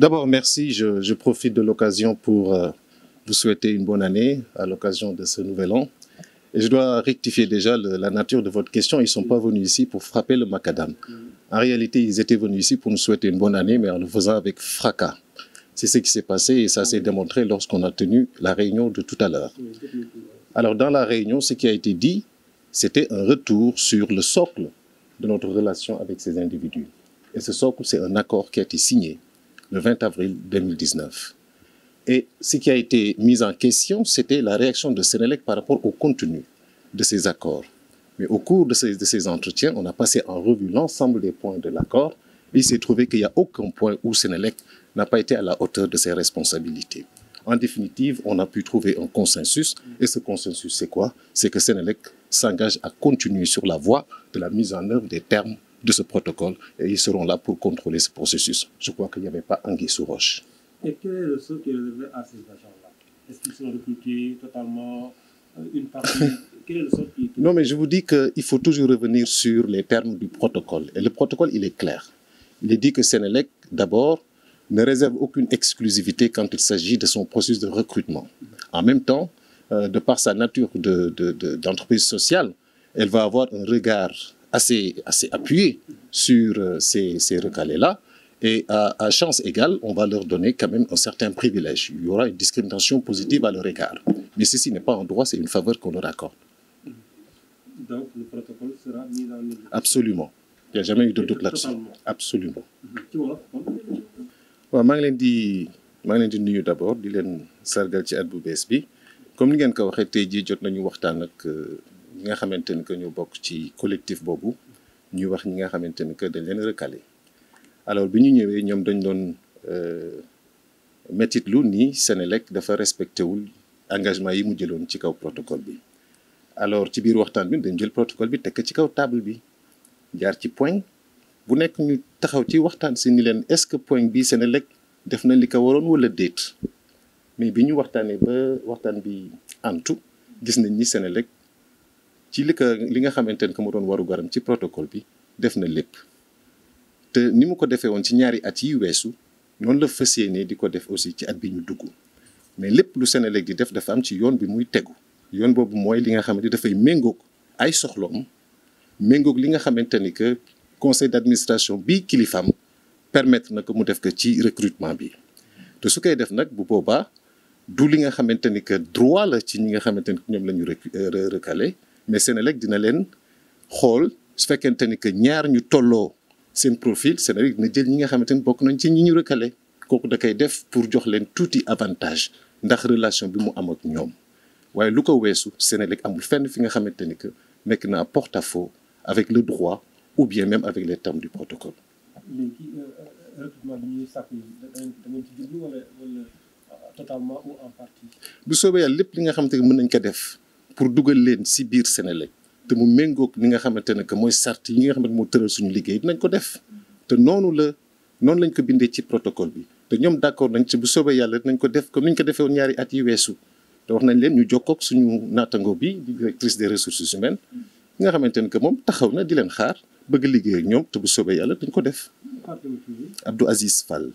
D'abord, merci. Je, profite de l'occasion pour euh, vous souhaiter une bonne année à l'occasion de ce nouvel an. Et je dois rectifier déjà la nature de votre question. Ils ne sont pas venus ici pour frapper le macadam. En réalité, ils étaient venus ici pour nous souhaiter une bonne année, mais en le faisant avec fracas. C'est ce qui s'est passé et ça s'est démontré lorsqu'on a tenu la réunion de tout à l'heure. Alors dans la réunion, ce qui a été dit, c'était un retour sur le socle de notre relation avec ces individus. Et ce socle, c'est un accord qui a été signé le 20 avril 2019. Et ce qui a été mis en question, c'était la réaction de Sénélec par rapport au contenu de ces accords. Mais au cours de ces, entretiens, on a passé en revue l'ensemble des points de l'accord et il s'est trouvé qu'il n'y a aucun point où Sénélec n'a pas été à la hauteur de ses responsabilités. En définitive, on a pu trouver un consensus. Et ce consensus, c'est quoi C'est que Sénélec s'engage à continuer sur la voie de la mise en œuvre des termes de ce protocole et ils seront là pour contrôler ce processus. Je crois qu'il n'y avait pas anguille sous roche. Et quel est le sort qui est réservé à ces agents-là Est-ce qu'ils sont recrutés totalement euh, une partie Quel est le sort qui est... Non, mais je vous dis qu'il faut toujours revenir sur les termes du protocole. Et le protocole, il est clair. Il est dit que Sénélec, d'abord, ne réserve aucune exclusivité quand il s'agit de son processus de recrutement. En même temps, euh, de par sa nature d'entreprise de, de, sociale, elle va avoir un regard assez, assez appuyé sur euh, ces, ces recalés-là. Et à, chance égale, on va leur donner quand même un certain privilège. Il y aura une discrimination positive à leur égard. Mais ceci n'est pas un droit, c'est une faveur qu'on leur accorde. Donc le protocole sera mis Absolument. Il n'y a jamais eu de doute là-dessus. Absolument. Tu vois d'abord sargal ci comme vous dit, nous avons ñi nga xamante ni que ñu bokk ci collectif boobu ñu wax ñi nga xamante ni que dañ leen recalé alors bi ñu ñëwee ñoom dañ doon euh, mettitlu ni Senelec dafa respecté wul engagement yi mu jëloon ci kaw protocole bi alors ci biir waxtaan bi dañ jël protocole bi tekk ci kaw table bi jaar ci point bu nekk ñu taxaw ci waxtaan si ni leen est-ce que point bi Senelec def na li ko waroon wala déet mais bi ñu waxtaanee ba waxtaan bi antu gis nañ ni Senelec ci li ko li nga xamante ne que mu doon waru garam ci protocole bi def na lépp te ni mu ko defee woon ci ñaari at yi weesu noonu la fas yéenee di ko def aussi ci at bi ñu dugg mais lépp lu Senelec di def dafa am ci yoon bi muy tegu yoon boobu mooy li nga xamante ni dafay méngoog ay soxloom méngoog li nga xamante ni que conseil d'administration bii kilifaam permettre na ko mu def ko ci recrutement bi te su koy def nag bu boobaa du li nga xamante ni que droit la ci ñi nga xamante ni ñoom la ñu euh, recalé mais Sénélec dina leen xol su fekkente ni que ñaar ñu tolloo seen profil Sénélec dina jël ñi nga xamante bokku bokk nañ ci ñi ñu recalé koku da kay def pour jox leen tuuti avantage ndax relation bi mu am ak ñom waye lu ko weesu Sénélec amul fenn fi nga xamante que nekk na porte-à-faux avec le droit ou bien même avec les termes du protocole. léegi euh, euh, recrutement bi ñuy sàkk da ci jublu wala wala totalement ou en partie. bu soobee yàlla lépp li nga xamante ni mën nañ ko def. pour dugal leen si biir Sénélec te mu méngoog ni nga xamante ne que mooy sart yi nga xamante moo tëral suñu liggéey dinañ ko def te noonu la noonu lañ ko bindee ci protocole bi te ñoom d' accord nañ ci bu soobee yàlla dinañ ko def comme ni ko defee ñaari at yi weesu te wax nañ leen ñu jokkook suñu naatango bi directrice des ressources humaines yi nga xamante ne que moom taxaw na di leen xaar bëgg liggéey ak ñoom te bu soobee yàlla dañ ko def Abdou Aziz Fall